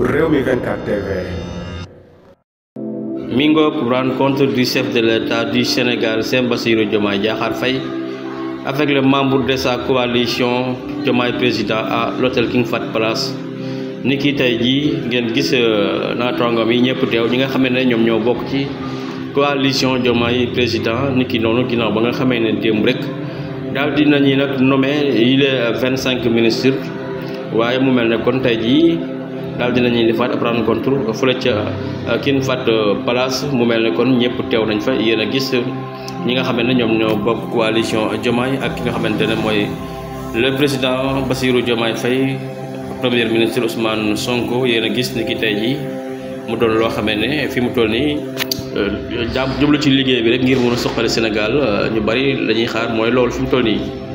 Rewmi 24 TV Mingo pour rencontre du chef de l'État du Sénégal Sène Bassirou Diomaye Diakhar Faye avec les membres de sa coalition Diomaye Président à l'hôtel King Fahd Palace ni ki tey jii ngeen gis euh, naataangoom yi ñëpp teew ñi nga xamee ne ñoom ñoo bokk ci coalition Diomaye Président ni ki noonu ginnaaw ba nga xamee ne démb rek daal di nañu nag nommé yi les vingt cinq ministres waaye mu mel ne kon tey jii daal dina ñuy defaat prendre contour fële ca euh, kin fat euh, place mu mel ne kon ñëpp teew nañ fa yéen a gis ñi nga xamante ne ñoom ñoo bokk coalition jomaay ak ki nga xamante ne le président Bassirou Diomaye Faye premier ministre Ousmane Sonko yéen a gis ni ki tey jii mu doon loo xamee ne fi mu toll nii euh, jàpp jublu ci liggéey bi rek ngir mën a suqali ñu bari la xaar mooy loolu fi mu toll nii